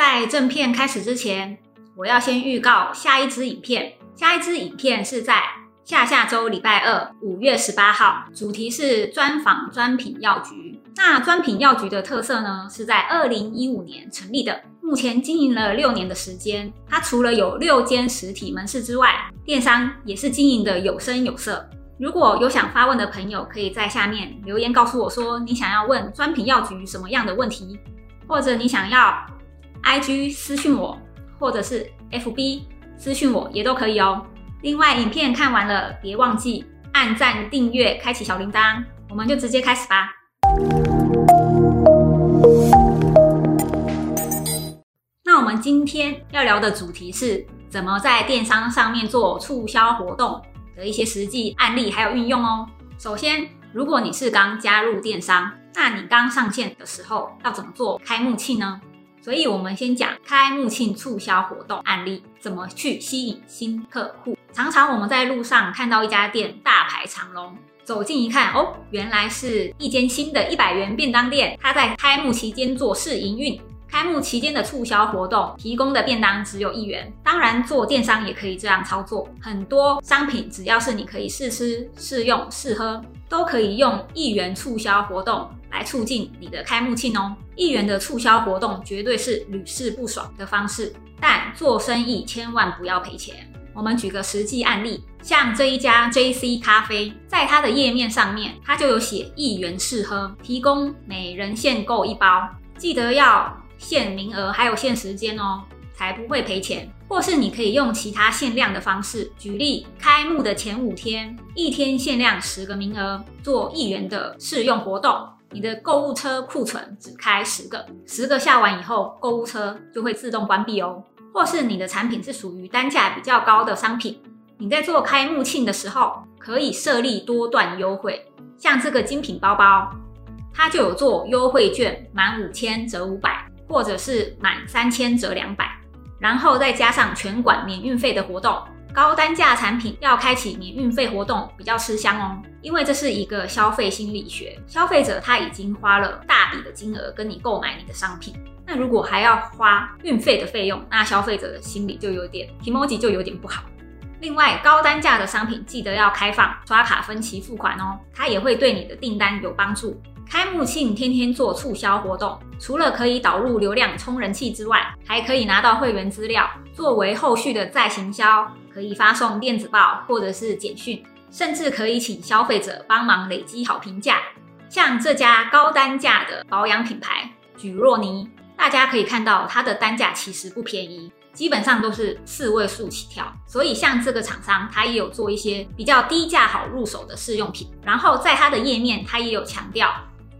在正片開始之前，我要先預告下一支影片。下一支影片是在下下周禮拜二，五月十八號，主題是專訪專品藥局。那專品藥局的特色呢，是在二零一五年成立的，目前經營了六年的時間。它除了有六間實體門市之外，電商也是經營得有聲有色。如果有想發問的朋友，可以在下面留言告訴我說，你想要問專品藥局什麼樣的問題，或者你想要。I G 私信我，或者是 F B 私信我也都可以哦。另外，影片看完了，別忘記按讚、訂閱、開啟小鈴鐺。我們就直接開始吧。那我們今天要聊的主題是怎麼在電商上面做促銷活動的一些實際案例還有運用哦。首先，如果你是剛加入電商，那你剛上線的時候要怎麼做開幕慶呢？所以，我們先講開幕慶促銷活動案例，怎麼去吸引新客戶。常常我們在路上看到一家店大排長龍，走近一看，哦，原來是一間新的一百元便當店，它在開幕期間做試營運。開幕期間的促銷活動提供的便當只有一元，當然做電商也可以這樣操作。很多商品只要是你可以試吃、試用、試喝，都可以用一元促銷活動來促進你的開幕慶哦。一元的促銷活動絕對是屢試不爽的方式，但做生意千萬不要賠錢。我們舉個實際案例，像這一家 JC 咖啡，在它的頁面上面，它就有寫一元試喝，提供每人限購一包，記得要。限名額還有限時間哦，才不會賠錢。或是你可以用其他限量的方式，舉例開幕的前五天，一天限量十個名額，做一元的試用活動。你的購物車庫存只開十個，十個下完以後，購物車就會自動關閉哦。或是你的產品是屬於單價比較高的商品，你在做開幕慶的時候，可以設立多段優惠，像這個精品包包，它就有做優惠券，滿五千折五百，或者是滿三千折兩百，然後再加上全館免運費的活動。高單價產品要開啟免運費活動比較吃香哦，因為這是一個消費心理學，消費者他已經花了大筆的金額跟你購買你的商品，那如果還要花運費的費用，那消費者的心理就有點皮 m o 就有點不好。另外，高單價的商品記得要開放刷卡分期付款哦，它也會對你的訂單有幫助。開幕慶天天做促銷活動，除了可以導入流量充人氣之外，還可以拿到會員資料，作為後續的再行銷，可以發送電子報或者是簡訊，甚至可以請消費者幫忙累積好評價。像這家高單價的保養品牌，舉若尼，大家可以看到它的單價其實不便宜，基本上都是四位數起跳。所以像這個廠商，它也有做一些比較低價好入手的試用品，然後在它的頁面，它也有強調。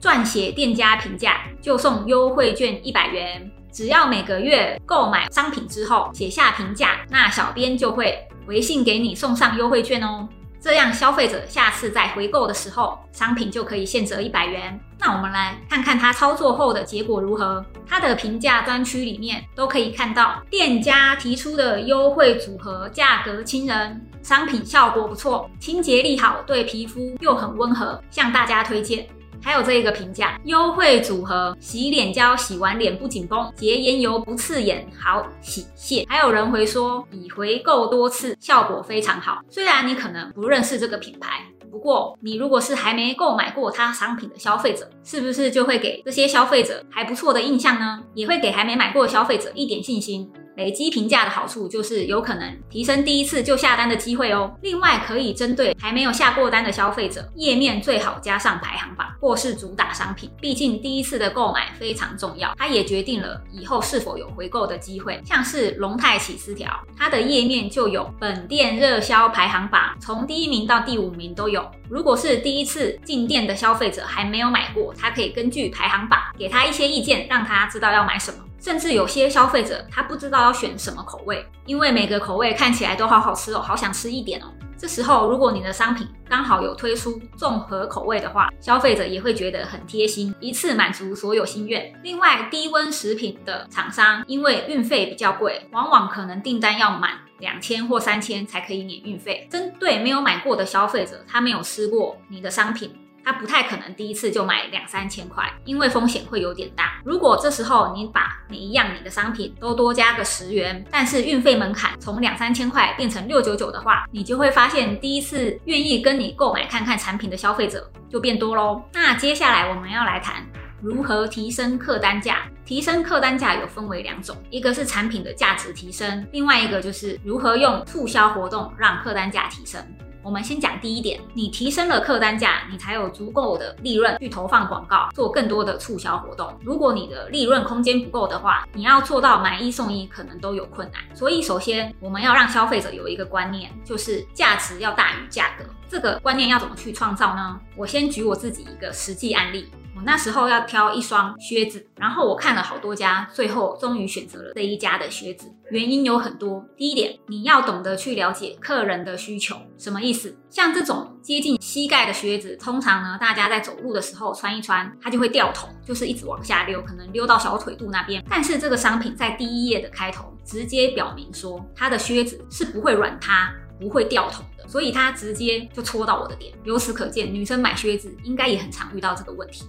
撰寫店家評價就送優惠券一百元，只要每個月購買商品之後寫下評價，那小編就會私訊給你送上優惠券哦。這樣消費者下次再回購的時候，商品就可以現折一百元。那我們來看看它操作後的結果如何？它的評價專區裡面都可以看到店家提出的優惠組合，價格親民，商品效果不錯，清潔力好，對皮膚又很溫和，向大家推薦。還有這一個評價，優惠組合，洗臉膠洗完臉不緊繃，潔顏油不刺眼，好洗卸。還有人回說已回購多次，效果非常好。雖然你可能不認識這個品牌，不過你如果是還沒購買過它商品的消費者，是不是就會給這些消費者還不錯的印象呢？也會給還沒買過的消費者一點信心。累積評價的好處就是有可能提升第一次就下單的機會哦。另外，可以針對還沒有下過單的消費者，頁面最好加上排行榜或是主打商品。畢竟第一次的購買非常重要，它也決定了以後是否有回購的機會。像是龍泰起司條，它的頁面就有本店熱銷排行榜，從第一名到第五名都有。如果是第一次進店的消費者還沒有買過，他可以根據排行榜給他一些意見，讓他知道要買什麼。甚至有些消費者他不知道要選什麼口味，因為每個口味看起來都好好吃哦，好想吃一點哦。這時候如果你的商品剛好有推出綜合口味的話，消費者也會覺得很貼心，一次滿足所有心願。另外，低溫食品的廠商因為運費比較貴，往往可能訂單要滿兩千或三千才可以免運費。針對沒有買過的消費者，他沒有吃過你的商品。他不太可能第一次就買兩三千塊，因為風險會有點大。如果這時候你把每一樣你的商品都多加個十元，但是運費門檻從兩三千塊變成六九九的話，你就會發現第一次願意跟你購買看看產品的消費者就變多嘍。那接下來我們要來談如何提升客單價。提升客單價有分為兩種，一個是產品的價值提升，另外一個就是如何用促銷活動讓客單價提升。我們先講第一點，你提升了客單價，你才有足夠的利潤去投放廣告，做更多的促銷活動。如果你的利潤空間不夠的話，你要做到買一送一可能都有困難。所以首先我們要讓消費者有一個觀念，就是價值要大於價格。這個觀念要怎麼去創造呢？我先舉我自己一個實際案例。那時候要挑一雙靴子，然後我看了好多家，最後終於選擇了這一家的靴子。原因有很多，第一點，你要懂得去了解客人的需求，什麼意思？像這種接近膝蓋的靴子，通常呢，大家在走路的時候穿一穿，它就會掉筒，就是一直往下溜，可能溜到小腿肚那邊。但是這個商品在第一頁的開頭直接表明說，它的靴子是不會軟塌、不會掉筒的，所以它直接就戳到我的點。由此可見，女生買靴子應該也很常遇到這個問題。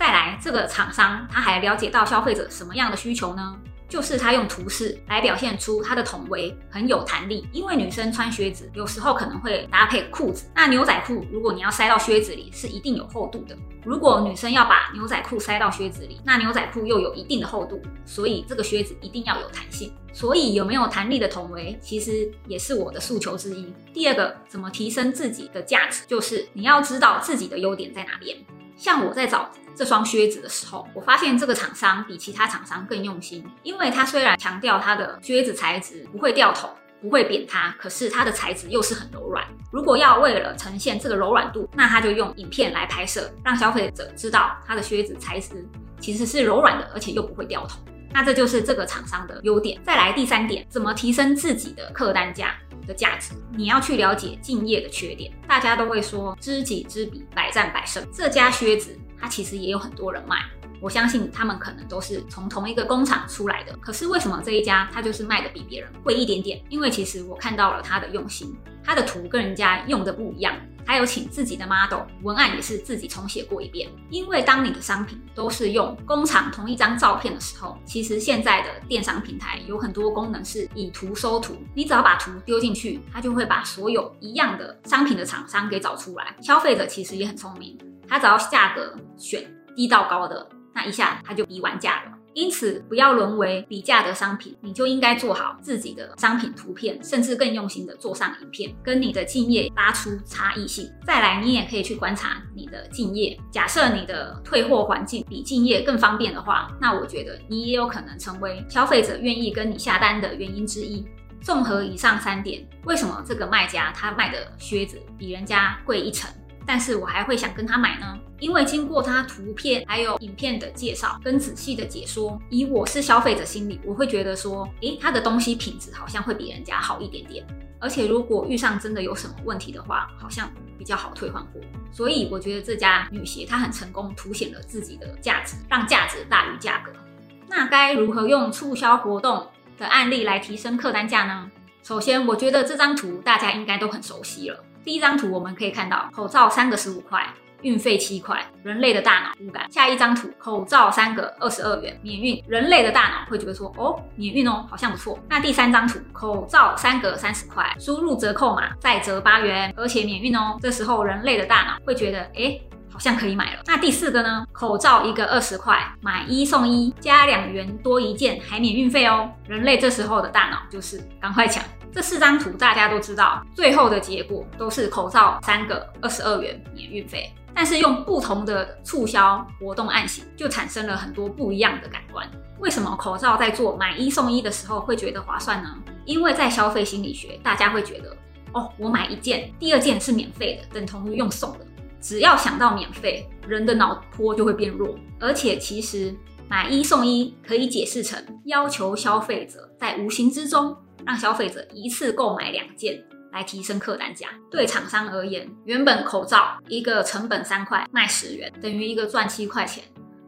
再來，這個廠商他還了解到消費者什麼樣的需求呢？就是他用圖示來表現出它的筒圍很有彈力，因為女生穿靴子有時候可能會搭配褲子，那牛仔褲如果你要塞到靴子裡是一定有厚度的。如果女生要把牛仔褲塞到靴子裡，那牛仔褲又有一定的厚度，所以這個靴子一定要有彈性。所以有沒有彈力的筒圍其實也是我的訴求之一。第二個，怎麼提升自己的價值，就是你要知道自己的優點在哪邊。像我在找這雙靴子的時候，我發現這個廠商比其他廠商更用心，因為他雖然強調他的靴子材質不會掉筒，不會扁塌，可是它的材質又是很柔軟。如果要為了呈現這個柔軟度，那他就用影片來拍攝，讓消費者知道他的靴子材質其實是柔軟的，而且又不會掉筒。那這就是這個廠商的優點。再來第三點，怎麼提升自己的客單價？的價值，你要去了解競業的缺點。大家都會說知己知彼，百戰百勝。這家靴子，它其實也有很多人賣。我相信他們可能都是從同一個工廠出來的。可是為什麼這一家它就是賣得比別人貴一點點？因為其實我看到了它的用心，它的圖跟人家用的不一樣。還有請自己的 model，文案也是自己重寫過一遍。因為當你的商品都是用工廠同一張照片的時候，其實現在的電商平台有很多功能是以圖搜圖，你只要把圖丟進去，它就會把所有一樣的商品的廠商給找出來。消費者其實也很聰明，他只要價格選低到高的，那一下他就比完價了。因此，不要淪為比價的商品，你就應該做好自己的商品圖片，甚至更用心的做上影片，跟你的競業拉出差異性。再來，你也可以去觀察你的競業，假設你的退貨環境比競業更方便的話，那我覺得你也有可能成為消費者願意跟你下單的原因之一。綜合以上三點，為什麼這個賣家他賣的靴子比人家貴一成？但是我還會想跟他買呢？因為經過他圖片還有影片的介紹跟仔細的解說，以我是消費者心理，我會覺得說，誒，他的東西品質好像會比人家好一點點，而且如果遇上真的有什麼問題的話，好像比較好退換貨。所以我覺得這家女鞋它很成功，凸顯了自己的價值，讓價值大於價格。那該如何用促銷活動的案例來提升客單價呢？首先，我覺得這張圖大家應該都很熟悉了。第一張圖，我們可以看到，口罩三個十五塊，運費七塊。人類的大腦無感。下一張圖，口罩三個二十二元，免運。人類的大腦會覺得說，哦，免運哦，好像不錯。那第三張圖，口罩三個三十塊，輸入折扣碼再折八元，而且免運哦。這時候人類的大腦會覺得，誒，好像可以買了。那第四個呢？口罩一個二十塊，買一送一，加兩元多一件，還免運費哦。人類這時候的大腦就是趕快搶。這四張圖大家都知道，最後的結果都是口罩三個二十二元、免運費，但是用不同的促銷活動案型，就產生了很多不一樣的感官。為什麼口罩在做買一送一的時候會覺得划算呢？因為在消費心理學，大家會覺得哦，我買一件，第二件是免費的，等同於用送的。只要想到免費，人的腦波就會變弱。而且，其實買一送一可以解釋成要求消費者在無形之中，讓消費者一次購買兩件，來提升客單價。對廠商而言，原本口罩一個成本三塊，賣十元，等於一個賺七塊錢。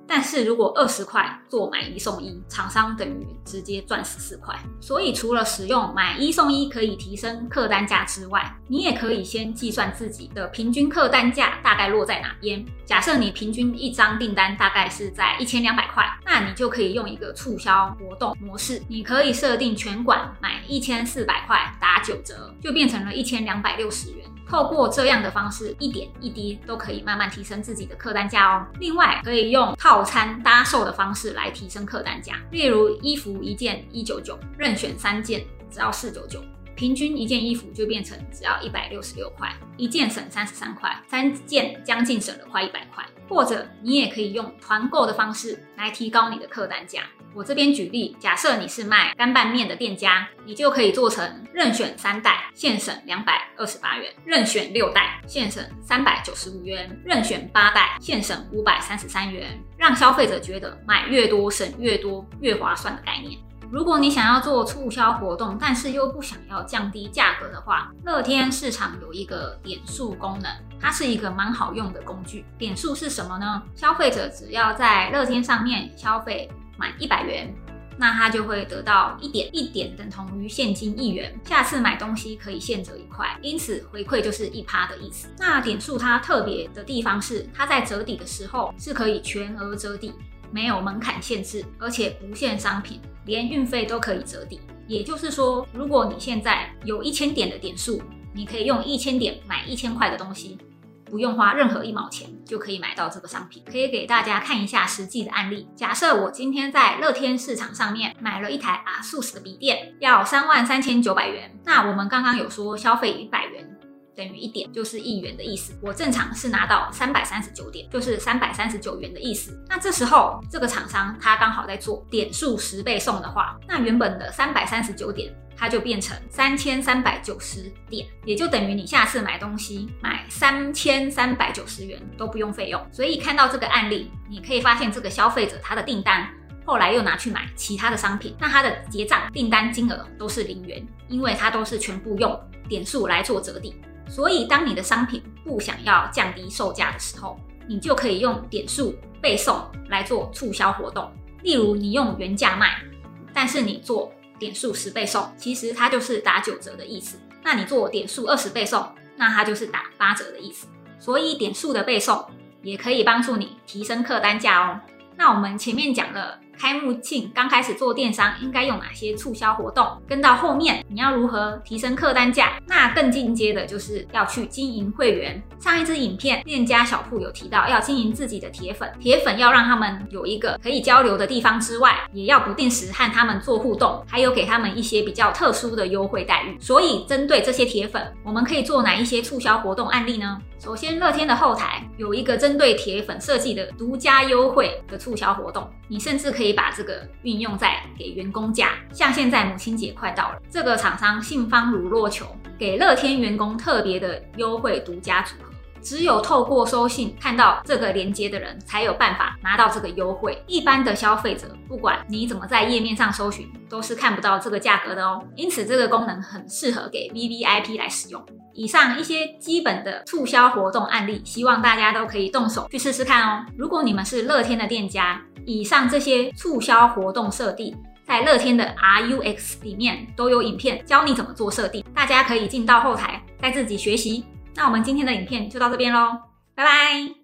但是如果二十塊做買一送一，廠商等於直接賺十四塊。所以除了使用買一送一可以提升客單價之外，你也可以先計算自己的平均客單價大概落在哪邊。假設你平均一張訂單大概是在一千兩百塊，那你就可以用一個促銷活動模式，你可以設定全館買一千四百塊打九折，就變成了一千兩百六十元。透過這樣的方式，一點一滴都可以慢慢提升自己的客單價哦。另外，可以用套餐搭售的方式來提升客單價，例如衣服一件一九九，任選三件只要四九九，平均一件衣服就變成只要一百六十六塊，一件省三十三塊，三件將近省了快一百塊。或者你也可以用團購的方式來提高你的客單價。我這邊舉例，假設你是賣乾拌麵的店家，你就可以做成任選三袋現省兩百二十八元，任選六袋現省三百九十五元，任選八袋現省五百三十三元，讓消費者覺得買越多省越多越划算的概念。如果你想要做促銷活動，但是又不想要降低價格的話，樂天市場有一個點數功能，它是一個蠻好用的工具。點數是什麼呢？消費者只要在樂天上面消費滿一百元，那他就會得到一點，一點等同於現金一元，下次買東西可以現折一塊，因此回饋就是一趴的意思。那點數它特別的地方是，它在折抵的時候是可以全額折抵。沒有門檻限制，而且不限商品，連運費都可以折抵。也就是說，如果你現在有一千點的點數，你可以用一千點買一千塊的東西，不用花任何一毛錢就可以買到這個商品。可以給大家看一下實際的案例。假設我今天在樂天市場上面買了一台 ASUS 的筆電，要三萬三千九百元。那我們剛剛有說消費一百元，等於一點就是一元的意思。我正常是拿到三百三十九點，就是三百三十九元的意思。那這時候這個廠商他剛好在做點數十倍送的話，那原本的三百三十九點，它就變成三千三百九十點，也就等於你下次買東西買三千三百九十元都不用費用。所以看到這個案例，你可以發現這個消費者他的訂單後來又拿去買其他的商品，那他的結賬訂單金額都是零元，因為它都是全部用點數來做折抵。所以，當你的商品不想要降低售價的時候，你就可以用點數倍送來做促銷活動。例如，你用原價賣，但是你做點數十倍送，其實它就是打九折的意思。那你做點數二十倍送，那它就是打八折的意思。所以，點數的倍送也可以幫助你提升客單價哦。那我們前面講了。開幕慶剛開始做電商，應該用哪些促銷活動？跟到後面，你要如何提升客單價？那更進階的就是要去經營會員。上一支影片店家小鋪有提到，要經營自己的鐵粉，鐵粉要讓他們有一個可以交流的地方之外，也要不定時和他們做互動，還有給他們一些比較特殊的優惠待遇。所以，針對這些鐵粉，我們可以做哪一些促銷活動案例呢？首先，樂天的後台有一個針對鐵粉設計的獨家優惠的促銷活動，你甚至可以。可以把這個運用在給員工價，像現在母親節快到了，這個廠商信芳乳酪球給樂天員工特別的優惠獨家組合。只有透過收信看到這個連結的人，才有辦法拿到這個優惠。一般的消費者，不管你怎麼在頁面上搜尋，都是看不到這個價格的哦。因此，這個功能很適合給 VVIP 來使用。以上一些基本的促銷活動案例，希望大家都可以動手去試試看哦。如果你們是樂天的店家，以上這些促銷活動設定，在樂天的 RUX 裡面都有影片教你怎麼做設定，大家可以進到後台，再自己學習。那我們今天的影片就到這邊嘍，拜拜。